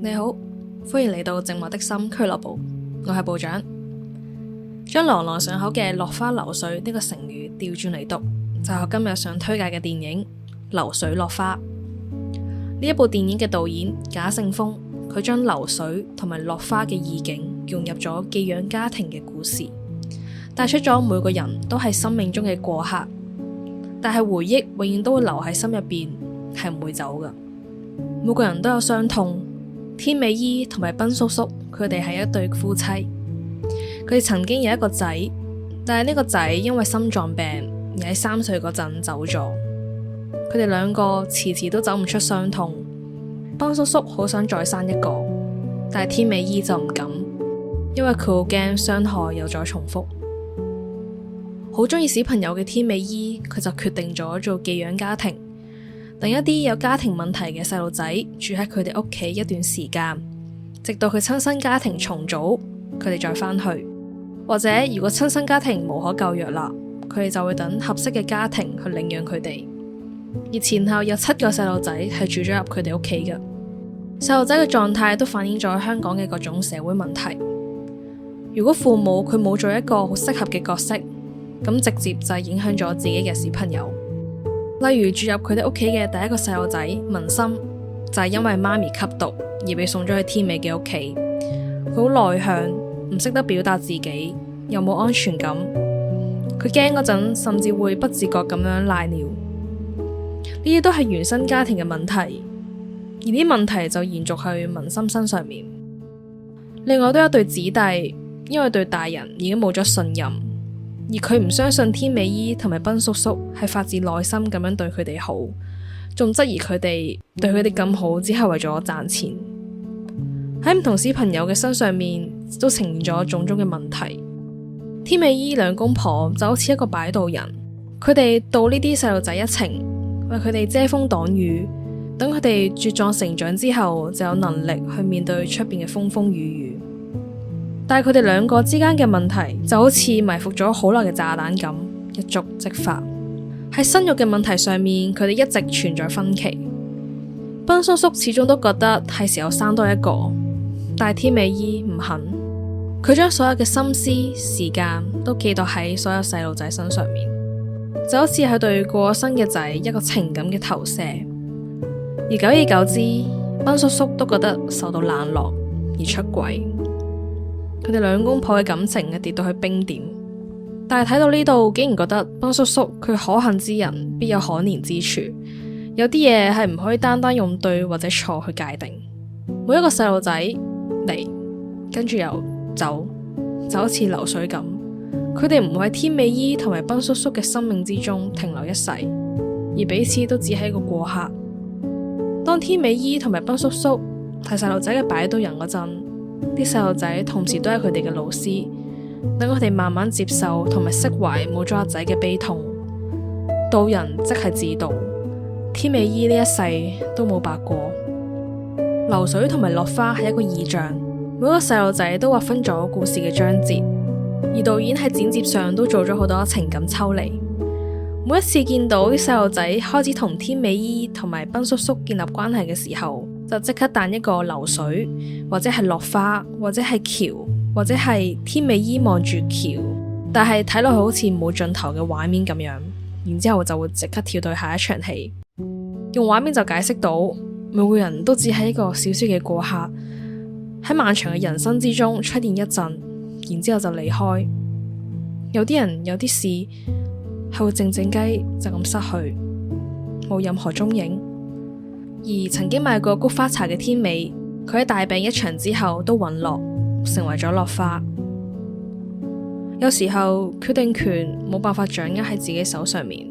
你好，歡迎嚟到寂寞的心俱樂部。我係部長，將朗朗上口嘅落花流水呢個成語調轉嚟讀，就係我今日想推介嘅電影《流水落花》。呢一部電影嘅導演賈勝楓，佢將流水同埋落花嘅意境融入咗寄養家庭嘅故事，帶出咗每個人都係生命中嘅過客，但係回憶永遠都會留喺心入邊，係唔會走㗎。每個人都有傷痛。天美姨同埋斌叔叔，佢哋係一對夫妻。佢哋曾經有一個仔，但係呢個仔因為心臟病而喺三歲嗰陣走咗。佢哋兩個遲遲都走唔出傷痛。斌叔叔好想再生一個，但係天美姨就唔敢，因為佢好驚傷害又再重複。好鍾意小朋友嘅天美姨，佢就決定咗做寄養家庭。另一啲有家庭問題嘅細路仔住喺佢哋屋企一段時間，直到佢親生家庭重組，佢哋再翻去。或者如果親生家庭無可救藥啦，佢哋就會等合適嘅家庭去領養佢哋。而前後有七個細路仔係住咗入佢哋屋企嘅，細路仔嘅狀態都反映咗香港嘅各種社會問題。如果父母佢冇做一個好適合嘅角色，咁直接就係影響咗自己嘅小朋友。例如住入佢哋屋企嘅第一個細路仔文心，就係因為媽咪吸毒而被送咗去天美嘅屋企。佢好內向，唔識得表達自己，又冇安全感。佢驚嗰陣，甚至會不自覺咁樣賴尿。呢啲都係原生家庭嘅問題，而啲問題就延續去文心身上面。另外都有一對子弟，因為對大人已經冇咗信任。而佢唔相信天美姨同埋斌叔叔係發自內心咁樣對佢哋好，仲質疑佢哋對佢哋咁好，只係為咗賺錢。喺唔同小朋友嘅身上面，都呈現咗種種嘅問題。天美姨兩公婆就好似一個擺渡人，佢哋渡呢啲細路仔一程，為佢哋遮風擋雨，等佢哋茁壯成長之後，就有能力去面對出邊嘅風風雨雨。但係佢哋兩個之間嘅問題就好似埋伏咗好耐嘅炸彈咁，一觸即發。喺生育嘅問題上面，佢哋一直存在分歧。斌叔叔始終都覺得係時候生多一個，但係天美姨唔肯。佢將所有嘅心思、時間都寄託喺所有細路仔身上面，就好似係對過生嘅仔一個情感嘅投射。而久而久之，斌叔叔都覺得受到冷落而出軌。佢哋兩公婆嘅感情嘅跌到去冰點，但係睇到呢度，竟然覺得斌叔叔佢，可恨之人必有可憐之處，有啲嘢係唔可以單單用對或者錯去界定。每一個細路仔嚟，跟住又走，就好似流水咁。佢哋唔會喺天美姨同埋斌叔叔嘅生命之中停留一世，而彼此都只係一個過客。當天美姨同埋斌叔叔係細路仔嘅擺渡人嗰陣。啲細路仔同時都係佢哋嘅老師，等佢哋慢慢接受同埋釋懷冇咗阿仔嘅悲痛。導人即係自導，天美姨呢一世都冇白過。流水同埋落花係一個意象，每個細路仔都劃分咗故事嘅章節，而導演喺剪接上都做咗好多情感抽離。每一次見到啲細路仔開始同天美姨同埋斌叔叔建立關係嘅時候，就即刻彈一個流水，或者係落花，或者係橋，或者係天美依望住橋，但係睇落去好似冇盡頭嘅畫面咁樣。然之後就會即刻跳到下一場戲，用畫面就解釋到每個人都只係一個小小嘅過客，喺漫長嘅人生之中出現一陣，然之後就離開。有啲人，有啲事，係會靜靜雞就咁失去，冇任何蹤影。而曾經買過菊花茶嘅天美，佢喺大病一場之後都隕落，成為咗落花。有時候決定權冇辦法掌握喺自己手上面，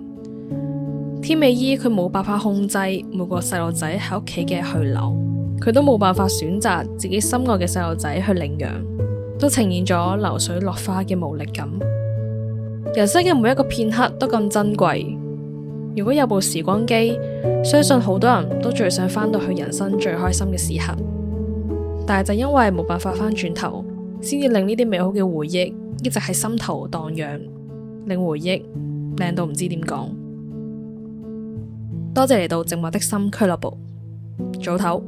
天美姨佢冇辦法控制每個細路仔喺屋企嘅去留，佢都冇辦法選擇自己心愛嘅細路仔去領養，都呈現咗流水落花嘅無力感。人生嘅每一個片刻都咁珍貴。如果有部時光機，相信好多人都最想返到去人生最開心嘅時刻。但係就因為冇辦法返轉頭，先至令呢啲美好嘅回憶一直喺心頭蕩漾，令回憶靚到唔知點講。多謝嚟到寂寞的心俱樂部早唞。